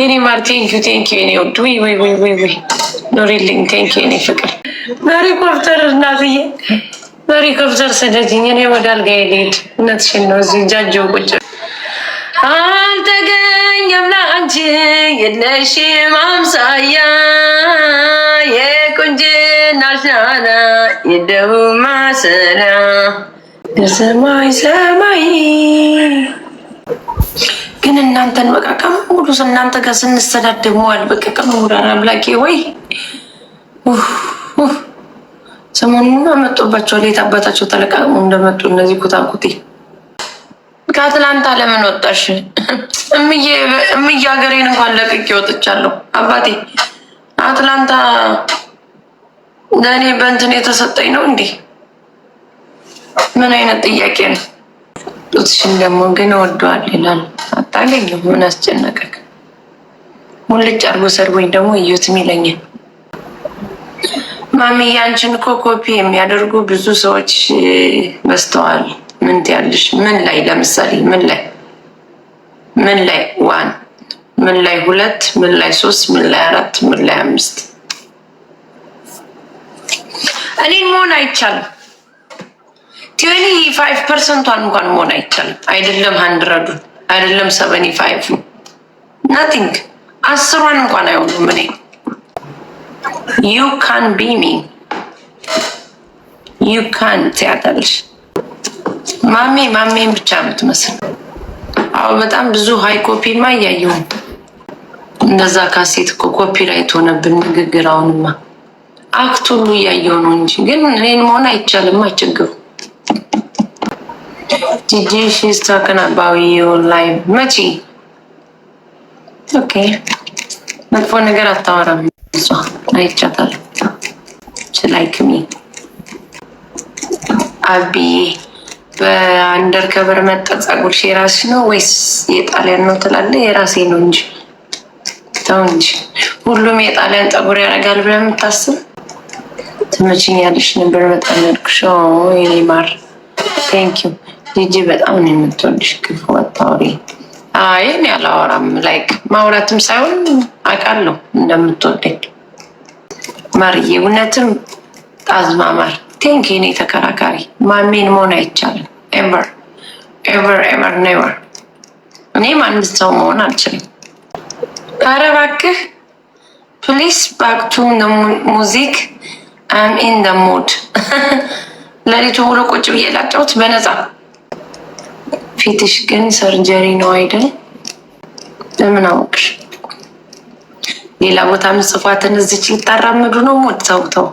የኔ ማር ቴንኪዩ ቴንኪዩ ኔ ውድ ወይ ወይ ወይ ወይ ወይ ኖሪልኝ ቴንኪዩ የኔ ፍቅር መሪ ኮፍተር እናትዬ መሪ ኮፍተር ስደጅኝ እኔ ወደ አልጋ ሄድ እነትሽን ነው እዚህ ጃጀው ቁጭ አልተገኘም ለአንቺ የለሽም አምሳያ የቁንጅናሽ ናና የደቡብ ማሰሪያ የሰማይ ሰማይ ግን እናንተን በቃ ቀን ሙሉ እናንተ ጋር ስንሰዳደመዋል። በቃ ቀን ሙሉ አምላኬ ወይ ሰሞኑን መጡባቸው። ሌት አባታቸው ተለቃቅሙ እንደመጡ እነዚህ ኩታኩቴ። ከአትላንታ ለምን ወጣሽ እምዬ? ሀገሬን እንኳን ለቅቄ ወጥቻለሁ አባቴ። አትላንታ ለእኔ በእንትን የተሰጠኝ ነው እንዴ? ምን አይነት ጥያቄ ነው? ጡትሽን ደግሞ ግን ወዷል ይላል። አታገኝ ምን አስጨነቀክ? ሙልጭ አርጎ ሰርቦኝ ደግሞ እዩትም ይለኛል። ማሚ፣ ያንቺን እኮ ኮፒ የሚያደርጉ ብዙ ሰዎች በስተዋል። ምን ትያለሽ? ምን ላይ ለምሳሌ ምን ላይ ምን ላይ ዋን ምን ላይ ሁለት ምን ላይ ሶስት ምን ላይ አራት ምን ላይ አምስት እኔን መሆን አይቻልም። ትዌኒ ፋይቭ ፐርሰንቷን እንኳን መሆን አይቻልም። አይደለም ሀንድረዱ አይደለም ሰቨኒ ፋይቭ ናቲንግ አስሯን እንኳን አይሆኑም። እኔ ዩ ካን ቢ ሚ ዩ ካን ትያታለሽ። ማሜ ማሜን ብቻ የምትመስል አዎ፣ በጣም ብዙ ሀይ ኮፒ ማ እያየሁም እንደዛ ካሴት እኮ ኮፒራይት ሆነብን ንግግር። አሁንማ አክት ሁሉ እያየሁ ነው እንጂ ግን እኔን መሆን አይቻልም። አይቸግሩ Gigi, she's talking about you like መቼ? ኦኬ መጥፎ ነገር አታወራም። እሷ አይቻታል። ላይክሚ አብዬ በአንደር ከበር መጣ። ጸጉርሽ የራስሽ ነው ወይስ የጣሊያን ነው ትላለህ? የራሴ ነው እንጂ ተው እንጂ ሁሉም የጣሊያን ጸጉር ያደርጋል ብለህ የምታስብ ትመችኛለሽ ነበር። መጣ ያልኩሽ የኔ ቴንኪው ልጄ በጣም ነው የምትወድሽ። ክፉ አታውሪ። አይ እኔ አላወራም። ላይክ ማውራትም ሳይሆን አውቃለሁ እንደምትወደኝ ማርዬ። እውነትም አዝማማር ቴንክ ኔ ተከራካሪ ማሜን መሆን አይቻልም። ኤቨር ኤቨር ኤቨር ኔቨር። እኔ አንድ ሰው መሆን አልችልም። ኧረ እባክህ ፕሊስ ባክቱ ሙዚክ አም ኢን ደ ሙድ። ለሊቱ ውሎ ቁጭ ብዬ ላጫውት በነፃ ፊትሽ ግን ሰርጀሪ ነው አይደል? ለምን አወቅሽ? ሌላ ቦታ ምጽፏትን እዚች ልታራምዱ ነው። ሞት ሰውተው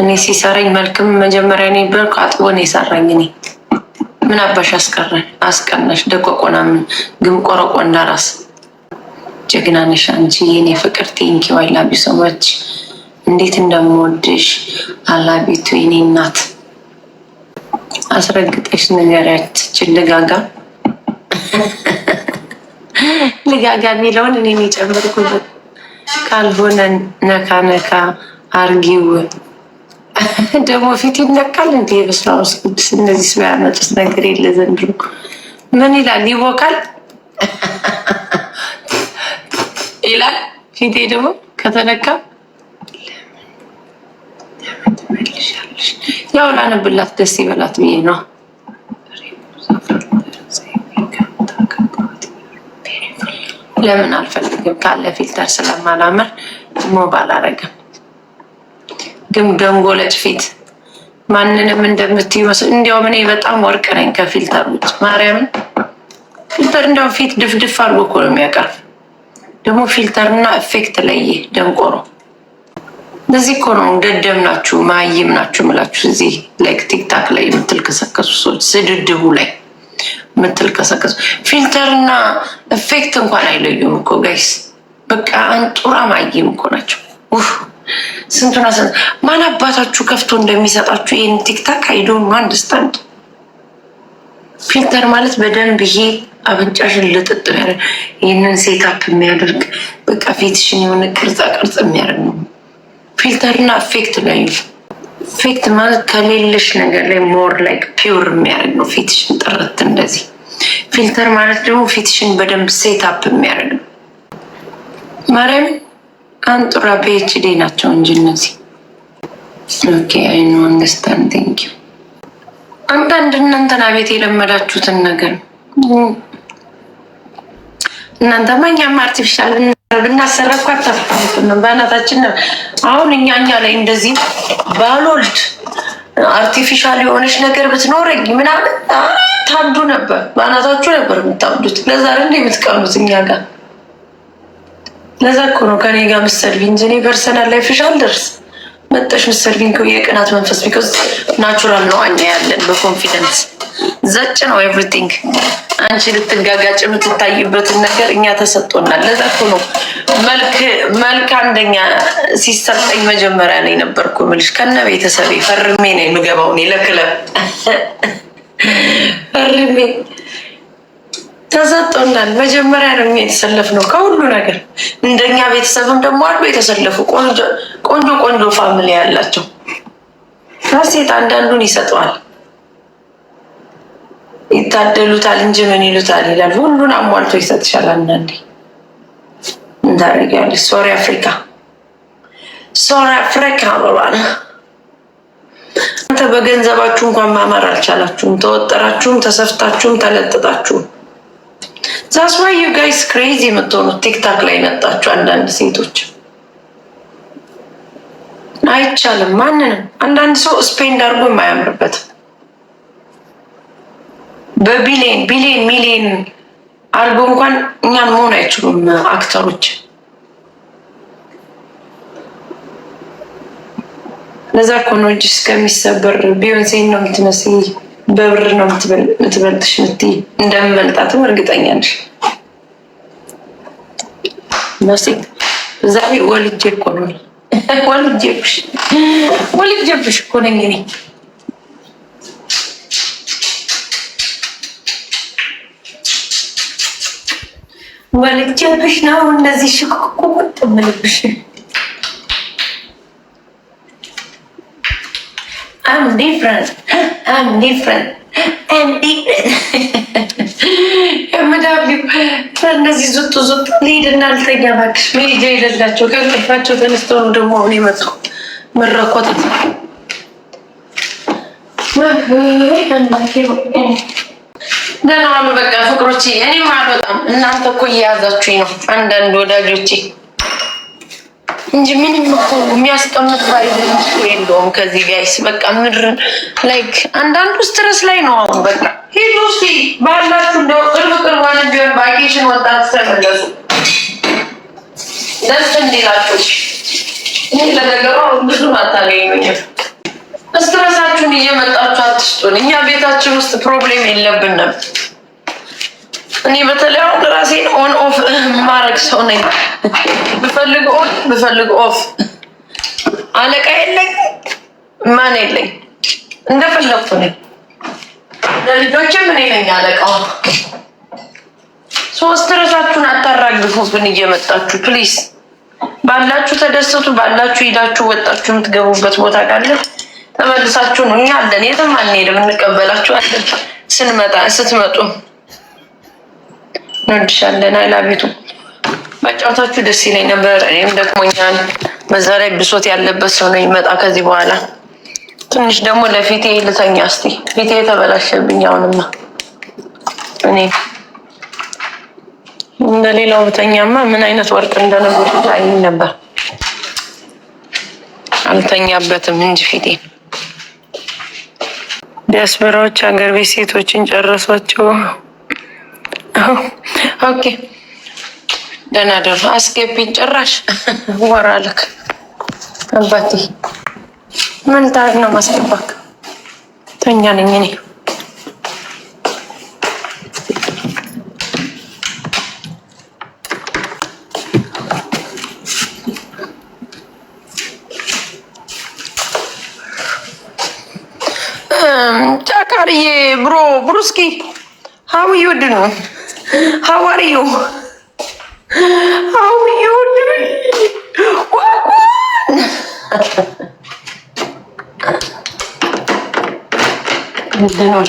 እኔ ሲሰራኝ መልክም መጀመሪያ ኔ ብር አጥቦ ነው የሰራኝ። እኔ ምን አባሽ አስቀረን አስቀናሽ ደቆቆና ግን ቆረቆ እንዳራስ ጀግና ነሽ አንቺ የኔ ፍቅር። ቴንኪው ላቢ ሰዎች እንዴት እንደምወድሽ አላቢቱ የኔ እናት አስረግጠሽ ንገሪያት። ልጋጋ ልጋጋ የሚለውን እኔ የጨመርኩበት ካልሆነ ነካ ነካ አርጊው ደግሞ ፊት ይነካል። እንዲ በስመ አብ ወመንፈስ ቅዱስ እነዚህ ሰው ያመጡት ነገር የለ ዘንድሮ። ምን ይላል? ይቦካል ይላል። ፊቴ ደግሞ ከተነካ ለምን ትመልሻለሽ? ያው ላነብላት ደስ ይበላት ብዬ ነው። ለምን አልፈልግም ካለ ፊልተር ስለማላምር ሞብ አላረግም። ግን ገንጎለጭ ፊት ማንንም እንደምትይ እንዲያውም እኔ በጣም ወርቅ ነኝ ከፊልተር ውጭ ማርያምን። ፊልተር እንዲያውም ፊት ድፍድፍ አድርጎ እኮ ነው የሚያቀርብ። ደግሞ ፊልተርና ኢፌክት ለየ ነው። እንደዚህ እኮ ነው። ደደም ናችሁ፣ ማይም ናችሁ ምላችሁ እዚህ ላይክ ቲክታክ ላይ የምትልከሰከሱ ሰዎች ስድድቡ ላይ የምትልከሰከሱ ፊልተርና ኢፌክት እንኳን አይለዩም እኮ ጋይስ። በቃ አንጡራ ማይም እኮ ናቸው። ስንቱና ስንት ማን አባታችሁ ከፍቶ እንደሚሰጣችሁ ይህን ቲክታክ አይዶን አንደርስታንድ። ፊልተር ማለት በደንብ ይሄ አብንጫሽን ልጥጥ ያደርግ ይህንን ሴታፕ የሚያደርግ በቃ ፊትሽን የሆነ ቅርጻ ቅርጽ የሚያደርግ ነው። ፊልተርና ፌክት ላይ ፌክት ማለት ከሌለሽ ነገር ላይ ሞር ላይክ ፒውር የሚያደርግ ነው። ፊትሽን ጥርት እንደዚህ። ፊልተር ማለት ደግሞ ፊትሽን በደንብ ሴት አፕ የሚያደርግ ነው። ማርያም አንጡራ ፒኤችዲ ናቸው እንጂ እነዚህ። ኦኬ አይ ኖ አንደርስታንድ ቴንክ ዩ። አንዳንድ እናንተና ቤት የለመዳችሁትን ነገር እናንተማ እኛም አርቲፊሻል ብናሰራ እኮ አታፍሩትም። በእናታችን ነው አሁን እኛ እኛ ላይ እንደዚህ ባልወልድ አርቲፊሻል የሆነች ነገር ብትኖረኝ ምናምን ታብዱ ነበር። በእናታችሁ ነበር የምታብዱት። ለዛ እንደ የምትቀኑት እኛ ጋር ለዛ እኮ ነው ከኔ ጋር ምሰድኝ እንጂ ፐርሰናል ላይፍሽ አልደርስ መጠሽ ምሰርቪን የቅናት መንፈስ ቢኮዝ ናቹራል ነው። እኛ ያለን በኮንፊደንስ ዘጭ ነው ኤቭሪቲንግ። አንቺ ልትጋጋጭ የምትታይበትን ነገር እኛ ተሰጥቶናል። ለዛ እኮ ነው መልክ አንደኛ ሲሰጠኝ መጀመሪያ ነው የነበርኩ ምልሽ ከነ ቤተሰቤ ፈርሜ ነው የምገባው እኔ ለክለብ ፈርሜ ተሰጥቶናል። መጀመሪያ ነው እኛ ነው ከሁሉ ነገር። እንደኛ ቤተሰብም ደግሞ አሉ የተሰለፉ ቆንጆ ቆንጆ ፋሚሊ ያላቸው። ሴት አንዳንዱን ይሰጠዋል፣ ይታደሉታል እንጂ ምን ይሉታል ይላል። ሁሉን አሟልቶ ይሰጥሻል። አንዳንዴ እንታደርጊያለሽ። ሶሪ አፍሪካ፣ ሶሪ አፍሪካ ብሏል። አንተ በገንዘባችሁ እንኳን ማመር አልቻላችሁም። ተወጠራችሁም፣ ተሰፍታችሁም፣ ተለጥጣችሁም ዛስዋይ ዩ ጋይስ ክሬዚ የምትሆኑት ቲክታክ ላይ መጣችሁ። አንዳንድ ሴቶች አይቻልም፣ ማንንም አንዳንድ ሰው ስፔንድ አድርጎ የማያምርበትም በቢሊየን ቢሊየን ሚሊየን አድርጎ እንኳን እኛን መሆን አይችሉም አክተሮች። ለዛ ኮኖጅ እስከሚሰበር ቢዮንሴን ነው የምትመስል በብር ነው የምትበልጥሽ ምትይ እንደምመልጣትም እርግጠኛ ነሽ። ሲ ዛሬ ወልጄ እኮ ነው ወልጄብሽ እኮ ነኝ እኔ ወልጄብሽ ነው እንደዚህ ሽኩኩ ቁጥ እነዚህ ዙጡ ዙጡ ልሂድና ልተኛ እባክሽ። መሄጃ የሌላቸው ከእንቅልፋቸው ተነስተው ነው ደግሞ አሁን የመጣው መረኮት ደህና ዋሉ። በቃ ፍቅሮቼ፣ እኔም አልወጣም። እናንተ እኮ እየያዛችሁኝ ነው አንዳንድ ወዳጆቼ እንጂ ምንም እኮ የሚያስቀምጥ ባይል የለውም። ከዚህ ጋይስ በቃ ምድር ላይክ አንዳንዱ ስትረስ ላይ ነው። አሁን በቃ ሂዱ እስኪ ባላችሁ እንደው ቅርብ ቅርባን ቢሆን ቫኬሽን ወጣት ተመለሱ፣ ደስ እንዲላችሁ። እኔ ለነገሩ አሁን ብዙ አታገኙኝም። ስትረሳችሁን እየመጣችሁ አትስጡን። እኛ ቤታችን ውስጥ ፕሮብሌም የለብንም። እኔ በተለይ አሁን ማረግ ሰው ነኝ። ብፈልግ ኦን ብፈልግ ኦፍ፣ አለቃ የለኝ ማን የለኝ፣ እንደፈለግኩ ነኝ። ለልጆችም እኔ ነኝ አለቃው። ሶስት ርዕሳችሁን አታራግፉብን እየመጣችሁ ፕሊስ። ባላችሁ ተደሰቱ፣ ባላችሁ ሄዳችሁ ወጣችሁ የምትገቡበት ቦታ ካለ ተመልሳችሁ ነው። እኛ አለን፣ የትም አንሄድም፣ እንቀበላችሁ አለን። ስንመጣ ስትመጡ እንወድሻለን። አይላቤቱም ባጫወታችሁ ደስ ይለኝ ነበር። እኔም ደክሞኛል። በዛ ላይ ብሶት ያለበት ሰው ነው ይመጣ ከዚህ በኋላ ትንሽ ደግሞ ለፊቴ ልተኛ እስቲ። ፊቴ የተበላሸብኝ አሁንማ እኔ እንደሌላው ብተኛማ ምን አይነት ወርቅ እንደነበር አይኝ ነበር። አልተኛበትም እንጂ ፊቴ። ዲያስፖራዎች ሀገር ቤት ሴቶችን ጨረሷቸው። ኦኬ ደህና ደሩ። አስገቢኝ ጭራሽ ወራልክ አባቴ ምን ታሪክ ነው ማስገባክ? ተኛ ነኝ እኔ ጫቃርዬ ብሮ ብሩስኪ ሀዊ ወድ ነው ሀዋሪዩ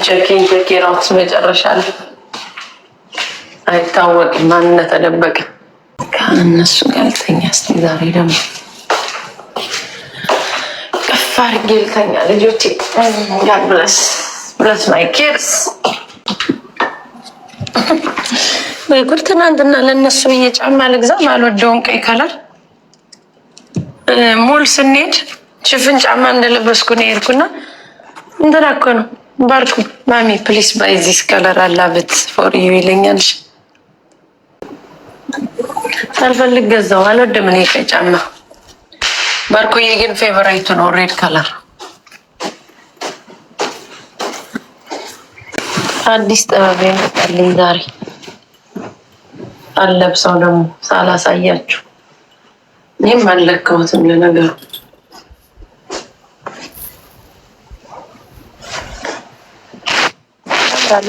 ቸኪንግ ኬራውስ መጨረሻ ላይ አይታወቅም ማን እንደተደበቀ ከእነሱ ጋር ልተኛ። እስኪ ዛሬ ደግሞ ከፍ አድርጌ ልተኛ ልጆቼ። ጋድ ብለስ ብለስ ማይ ኬርስ ወይ ጉድ! ትናንትና ለእነሱ ብዬ ጫማ ልግዛም አልወደውም ቀይ ከለር ሞል ስንሄድ ሽፍን ጫማ እንደለበስኩ ነው የሄድኩና እንትን እኮ ነው ባርኩ ማሚ ፕሊስ ባይ ዚስ ከለር አላብት ፎር ዩ ይለኛልሽ። ሳልፈልግ ገዛው። አልወድም እኔ ቀይ ጫማ። ባርኩዬ ግን ፌቨራይቱ ነው ሬድ ከለር። አዲስ ጥበብ ይመጣልኝ ዛሬ አለብሰው ደግሞ ሳላሳያችሁ እኔም አልለካሁትም ለነገሩ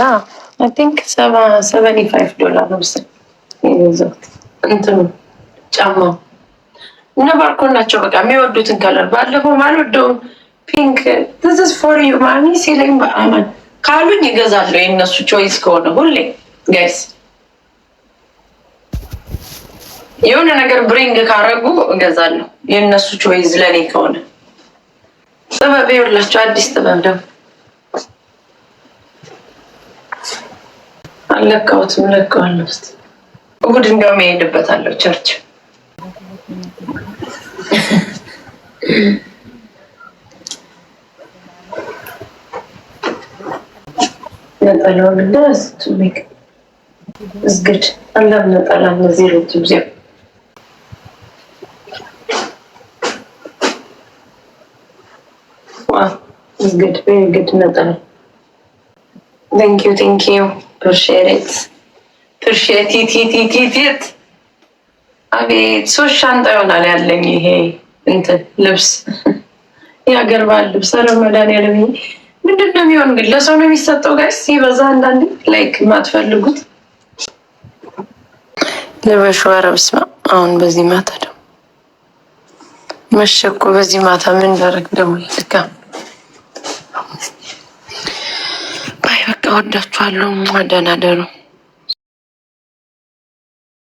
ላ አይ ቲንክ ሰቨኒ ፋይቭ ዶላር ነው የገዛሁት እንትኑ ጫማ እነ ባርኮን ናቸው። በቃ የሚወዱትን ከለር ባለፈው ማልወደውን ፒንክ ትዝስ ፎር ዩ ማሚ ሲለኝ በአመን ካሉኝ ይገዛለሁ የእነሱ ቾይስ ከሆነ ሁሌ ጋይስ የሆነ ነገር ብሪንግ ካረጉ እገዛለሁ። የእነሱ ቾይዝ ለእኔ ከሆነ ጥበብ የላቸው አዲስ ጥበብ ደግሞ አለካውትም ለካዋለሁ። ስ እሑድ እንዲያውም እሄድበታለሁ ቸርች ነጠላውን ደስ ቱሜክ እዝግድ አላም ነጠላ ነዚህ ሮት ጊዜ good, very good, mother. Thank you, thank you. Appreciate it. Appreciate it, it, it, it, it. አቤት ሶስት ሻንጣ ይሆናል ያለኝ ይሄ እንትን ልብስ የሀገር ባህል ልብስ ረመዳን ያለኝ ምንድን ነው የሚሆን ግን ለሰው ነው የሚሰጠው ጋይስ ይበዛ አንዳንዴ ላይክ የማትፈልጉት ልበሹ አረብስ አሁን በዚህ ማታ ደግሞ መሸኮ በዚህ ማታ ምን ላደርግ ደግሞ ልካ ተወዳችኋለሁ። ደህና ደሩ።